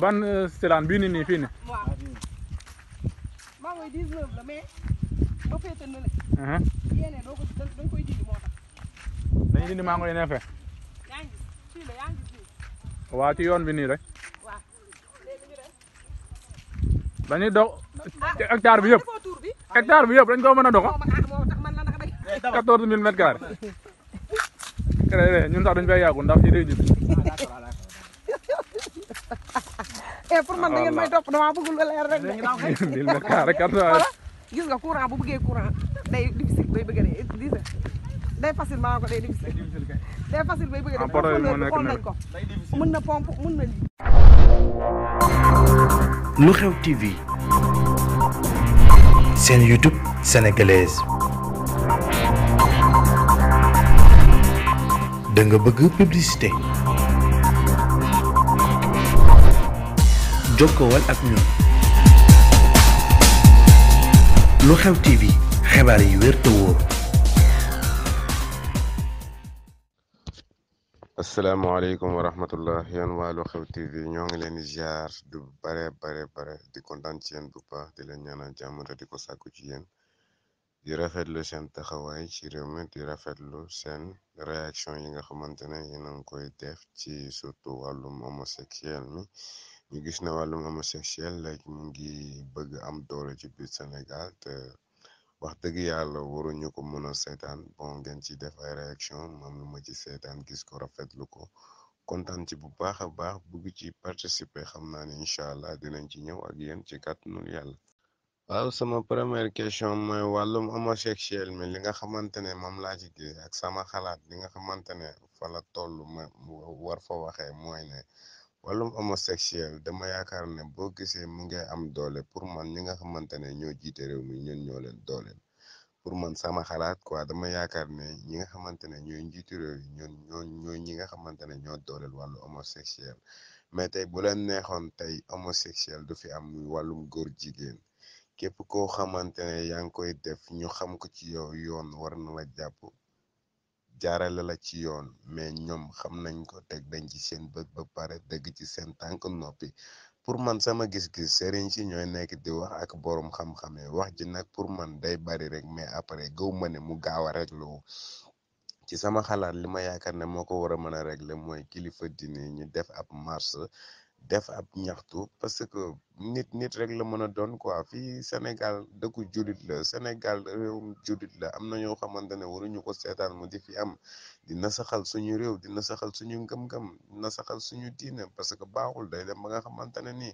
ban euh, selaan bii nii nii fii nii. waaw maa maa ngi lay neefee. yaa yoon bi nii rek. waaw léegi ah. hectare bi yëpp. Ah, hectare bi yëpp dañ ko mën a doxo. 14000 créé ñun eh, man da ngeen may topp damaa bëgg lu leer rek de. dil ma kaar kat waaye. gis nga courant bu bëggee courant day difficile day bëgg a dee day facile maa ko day difficile. day facile bay bëgg a dee xool nañ ko. mën na pompe mën na lii. lu TV. seen YouTube sénégalaise. da nga bëgg publicité jokkowal ak ñun lu xew TV xibaar yi wér te wóor. asalaamaaleykum wa rahmatullah yéen waa lu xew TV ñoo ngi leen di ziar du bare bare bare di kontaan ci yéen bu baax di leen ñaanal jàmm te di ko sàkku ci yéen. di rafetlu seen taxawaay ci réew mi di rafetlu seen réaction yi nga xamante ne yéen koy def ci surtout wàllum homosexuel mi ñu gis na wàllum homosexuel léegi mu ngi bëgg am doole ci biir Sénégal te wax dëgg yàlla waruñu ko mën a seetaan bon ngeen ci def ay réaction moom lu ma ci seetaan gis ko rafetlu ko kontaan ci bu baax a baax bugg ci participer xam naa ne incha allah dinañ ci ñëw ak yéen ci kàttanul yàlla. waaw sama première question mooy wàllum homosexuel mi li nga xamante ne moom laa ci ak sama xalaat li nga xamante ne fa la toll ma war fa waxee mooy ne wàllum homosexuel dama yaakaar ne boo gisee mu ngay am doole pour man ñi nga xamante ne ñoo jiite réew mi ñun ñoo pour man sama xalaat quoi dama yaakaar ne ñi nga xamante ne ñooy njiitu réew ñoo ñi nga xamante ne ñoo dooleel wàllu homosexuel mais tey bu leen neexoon tey homosexuel du fi am muy wàllum góor jigéen képp koo xamante ne yaa ngi koy def ñu xam ko ci yow yoon war na la jàpp jaarale la ci yoon mais ñoom xam nañ ko teg dañ ci seen bët ba pare dëgg ci seen tànk noppi pour man sama gis-gis sëriñ si ñooy nekk di wax ak boroom xam-xamee wax ji nag pour man day bari rek mais après gëw ma ne mu gaaw a réglé ci sama xalaat li ma yaakaar ne moo ko war a mën a mooy kilifa diine ñu def ab marche def ab ñaxtu parce que nit nit rek la mën a doon quoi fii Sénégal dëkku jullit la Sénégal réewum jullit la am na ñoo xamante ne waruñu ko seetaan mu di fi am di nasaxal suñu réew di nasaxal suñu ngëm-ngëm di nasaxal suñu diine parce que baaxul day dem ba nga xamante ne nii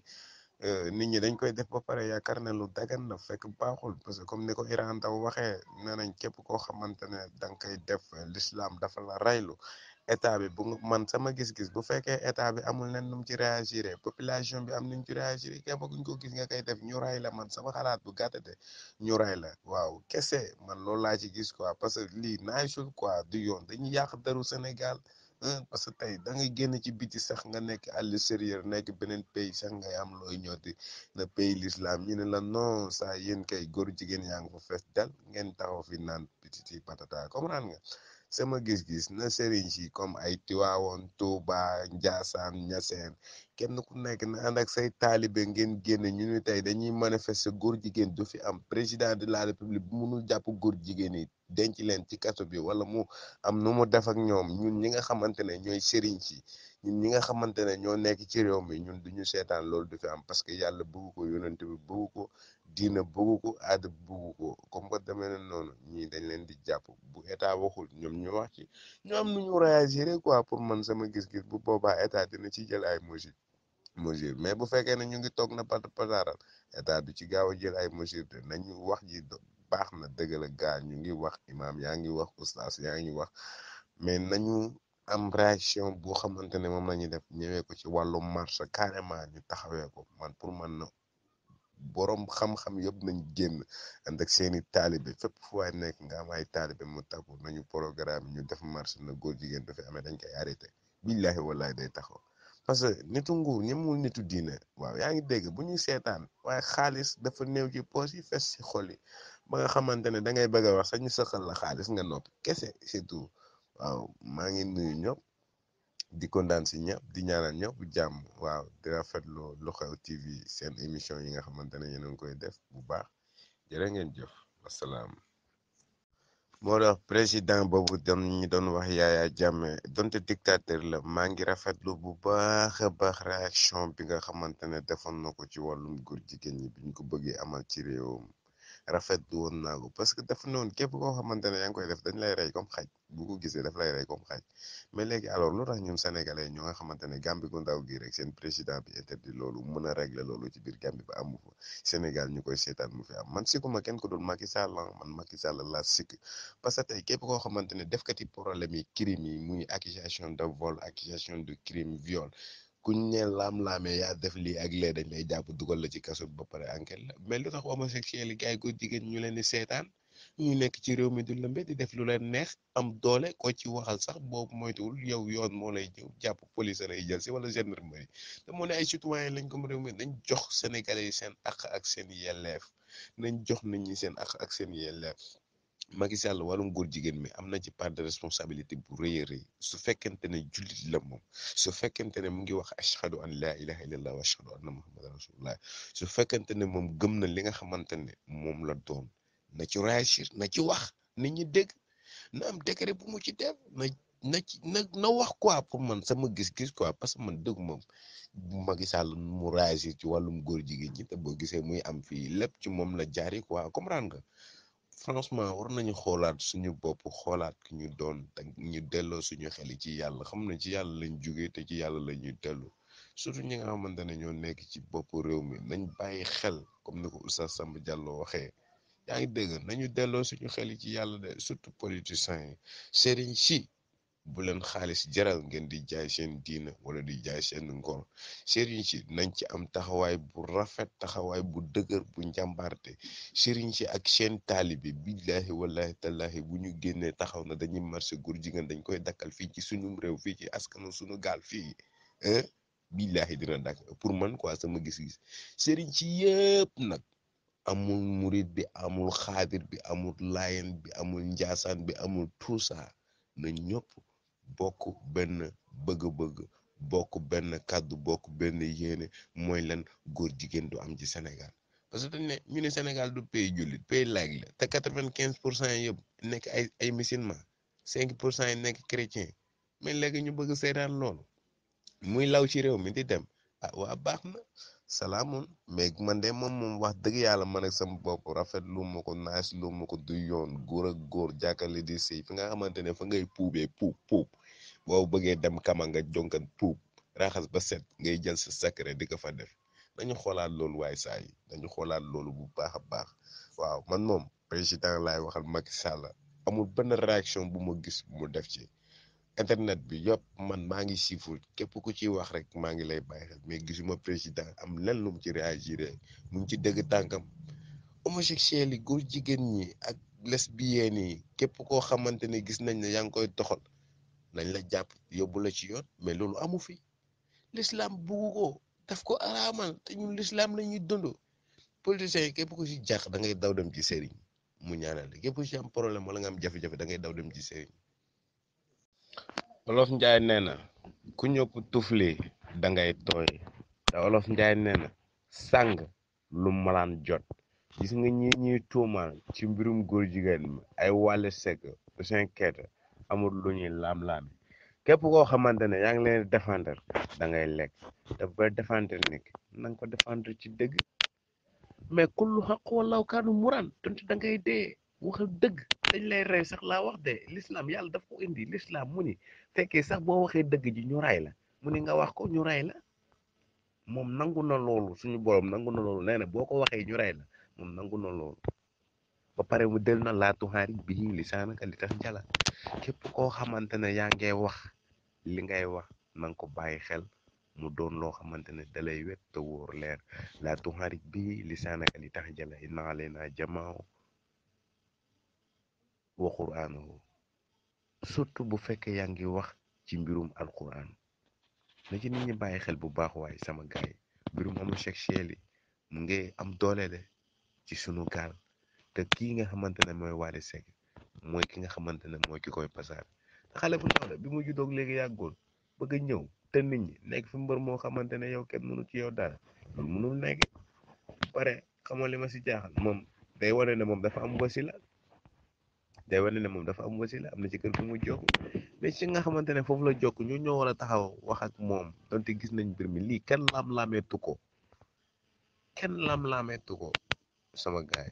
euh, nit ñi dañ koy def ba pare yaakaar ne lu dagan la fekk baaxul parce que comme ni ko Iran daw waxee nee nañ képp koo xamante ne da nga def l'islam dafa la raylu état bi bu man sama gis-gis bu fekkee état bi amul nen nu mu ci réagir population bi am nañ ci réagir ke ku ñu ko gis nga koy def ñu ray la man sama xalaat bu gàttate ñu ray la waaw kese man loolu laa ci gis quoi parce que lii naay sul quoi du yoon dañuy yàq daru Sénégal parce que tey da nga génn ci biti sax nga nekk à l'extérieur nekk beneen pays sax ngay am looy ñooti na pays l'islam ñu ne la non saa yéen kay góor jigéen yaa ngi fa fees dal ngeen taxaw fi naan petit patata comprendre nga. sama gis-gis na sëriñ si comme ay Tiwaawoon Touba Njaasaan Ñaseen kenn ku nekk na ànd ak say taalibe ngeen génn ñu ni tey dañuy manifester góor jigéen du fi am président de la république bu munul jàpp góor jigéen yi denc leen ci katu bi wala mu am nu mu def ak ñoom ñun ñi nga xamante ne ñooy sëriñ si ñun ñi nga xamante ne ñoo nekk ci réew mi ñun duñu seetaan loolu du fi am parce que yàlla bëgg ko yonent bi bëgg ko diina bëggu ko aada bëggu ko comme que demee na noonu ñii dañ leen di jàpp bu état waxul ñoom ñu wax ci ñoo am nu ñu réagir quoi pour man sama gis-gis bu boobaa état dina ci jël ay mesures mesures mais bu fekkee ne ñu ngi toog na pat pataaral état du ci gaaw a jël ay mesures de nañu wax ji baax na dëgg la gaa ñu ngi wax imaam yaa ngi wax oustaz yaa ngi wax mais nañu am réaction boo xamante ne moom la ñuy def ñëwee ko ci wàllu marche carrément ñu taxawee ko man pour man na borom xam-xam yëpp nañ génn ànd ak seen i taalibe fépp fu waay nekk nga am ay taalibe mu takku nañu programme ñu def marche na góor jigéen dafay amee dañ koy arrêté billaahi wallaahi day taxaw parce que nitu nguur ñemul nitu diine waaw yaa ngi dégg bu ñuy seetaan waaye xaalis dafa néew ci poos yi fes si xol yi ba nga xamante ne da ngay bëgg a wax sax ñu sëqal la xaalis nga noppi kese surtout waaw maa ngi nuyu ñëpp. di kondaan si ñëpp di ñaaral ñëpp jàmm waaw di rafetlu lu xew TV seen émission yi nga xamante ne yéen a koy def bu baax jërë ngeen jëf wasalaam. moo dax président boobu doon ñu doon wax yaaya jàmme donte dictateur la maa ngi rafetlu bu baax a baax réaction bi nga xamante ne defoon na ko ci wàllum góor jigéen ñi bi ko bëggee amal ci réewam rafetlu woon naa ko parce que dafa noonu képp koo xamante ne yaa ngi koy def dañ lay rey comme xaj. bu ko gisee daf lay rey comme xaaj mais léegi alors lu tax ñun sénégalais ñoo nga xamante ne Gàmbi gu ndaw rek seen président bi interdit loolu mën a régler loolu biir Gàmbi ba amu ñu koy seetaan mu fi am ma kenn ko dul Macky Sall ah, man Macky Sall laa parce que tey képp koo xamante ne defkati problème yi crime yi muy accusation de vol accusation de crime viol kuñ ne laam-laamee def lii ak lee dañ lay jàpp dugal la ci kaso ba pare enquête la mais lu tax homosexuels yi gars yi jigéen ñu leen di seetaan ñu nekk ci réew mi du lëmbe di def lu leen neex am doole ko ci waxal sax boobu moytuwul yow yoon moo lay jëw jàpp police lay jël si wala gendarmerie te moo ne ay citoyen lañ ko réew mi nañ jox sénégalais yi seen àq ak seen yelleef nañ jox nit ñi seen àq ak seen yelleef Macky Sall wàllum góor jigéen mi am na ci part de responsabilité bu rëy a rëy su fekkente ne jullit la moom su fekkente ne mu ngi wax ashhadu an laa ilaha illallah wa ashhadu anna muhammadan rasulullah su fekkente ne moom gëm na li nga xamante ne moom la doon na ci réagir na ci wax ni ñi dëgg na am décret bu mu ci def na na ci na na wax quoi pour man sama gis-gis quoi parce que man dëgg moom Macky Sall mu réagir ci wàllum góor jigéen ñi te boo gisee muy am fii lépp ci moom la jaari quoi comprendre nga franchement war nañu xoolaat suñu bopp xoolaat ki ñu doon te ñu delloo suñu xel ci yàlla xam na ci yàlla lañ jógee te ci yàlla la ñuy dellu surtout ñu nga xamante ne ñoo nekk ci bopp réew mi nañ bàyyi xel comme ni ko Oustaz Samba Diallo waxee yaa ngi dégg nañu delloo suñu xel ci yàlla de surtout politiciens yi sëriñ si bu leen xaalis jaral ngeen di jaay seen diina wala di jaay seen ngor sëriñ si nañ ci am taxawaay bu rafet taxawaay bu dëgër bu njàmbaarte sëriñ si ak seen taalibi billahi wallahi tallahi bu ñu génnee taxaw na dañuy marché góor jigéen dañ koy dakkal fii ci suñum réew fii ci askanu suñu gaal fii billahi dina dakk pour man quoi sama gis-gis sëriñ si yëpp nag amul murit bi amul xaadir bi amul layen bi amul njaasaan bi amul tout ça na ñëpp bokk benn bëgg-bëgg bokk benn kàddu bokk benn yéene mooy lan góor jigéen du am ci Sénégal parce que dañ ne ñu ne Sénégal du pays jullit pays laïc la te quatre-vingt-quinze pour cent yëpp nekk ay ay musulman cinq pour cent yi nekk chrétien mais léegi ñu bëgg seetaan lool muy law ci réew mi di dem ah waa baax na salaamun mais man de moom moom wax dëgg yàlla man ak sama bopp rafet lu ma ko naaj lu mu ko du yoon góor ak góor jàkkaarloo di sëy fi nga xamante ne fa ngay puubee puub puub boo bëggee dem kama nga jonkan puub raxas ba set ngay jël sa secret di ko fa def dañu xoolaat loolu waaye saa yi dañu xoolaat loolu bu baax a baax waaw man moom président laay waxal Macky Sall amul benn réaction bu ma gis bu mu def ci. internet bi yëpp man maa ngi siiful képp ku ciy wax rek maa ngi lay bàyyi xel mais gisuma président am lan lu mu ci réagir mu ngi ci dëgg tànkam homosexuels yi góor jigéen ñi ak lesbiennes nii képp koo xamante ne gis nañ ne yaa ngi koy doxal nañ la jàpp yóbbu la ci yoon mais loolu amu fi l'islam buggu ko daf ko araamal te ñun l'islam la ñuy dund politiciens yi képp ku ci jàq da ngay daw dem ci sëriñ mu ñaanal képp ku ci am problème wala nga am jafe-jafe da daw dem ci sëriñ olof njaay nee na ku ñëpp tufli dangay ngay tooy olof njaay nee na sàng lu malaan jot gis nga ñi ñuy tuumaal ci mbirum góor jigéen mi ay Wally Seck Ouzin Keita amul lu ñuy laam-laami képp koo xamante ne yaa ngi leen di défendre da ngay lekk te ba défendre nit na nga ko défendre ci dëgg mais kullu xaq walaw kaanu muraan tontu da ngay dee waxal dëgg dañ lay rey sax laa wax de l'islam yàlla daf ko indi l'islam mu ni fekkee sax boo waxee dëgg ji ñu ray la mu ni nga wax ko ñu ray la moom nangu na loolu suñu borom nangu na loolu nee na boo ko waxee ñu moom nangu ba pare mu del na laatu xaari bii lisaanaka li tax jala képp koo xamante ne yaa ngay wax li ngay wax na ko bàyyi xel mu doon loo xamante ne dalay wet te wóor leer laatu xaari bii lisaanaka li tax jala inna alayna jamaaw wa quraanuhu surtout bu fekkee yaa ngi wax ci mbirum alquran na ci nit ñi bàyyi xel bu baax waaye sama gaay mbirum homosexuel yi mu ngi am doole de ci sunu gaal te kii nga xamante ne mooy Wally Seck mooy ki nga xamante ne mooy ki koy pasaar xale bu ndaw la bi mu juddoo léegi yàggul bëgg a ñëw te nit ñi nekk fi mbër moo xamante ne yow kenn mënu ci yow daal loolu mënul pare xamoo li ma si jaaxal moom day wane ne moom dafa am wasila day wane ne moom dafa am wasila am na ci kër gu mu jokk mais ci nga xamante ne foofu la jokk ñu ñoo war a taxaw wax ak moom donte gis nañ mbir mi lii kenn laam-laameetu ko kenn laam-laameetu ko sama gaay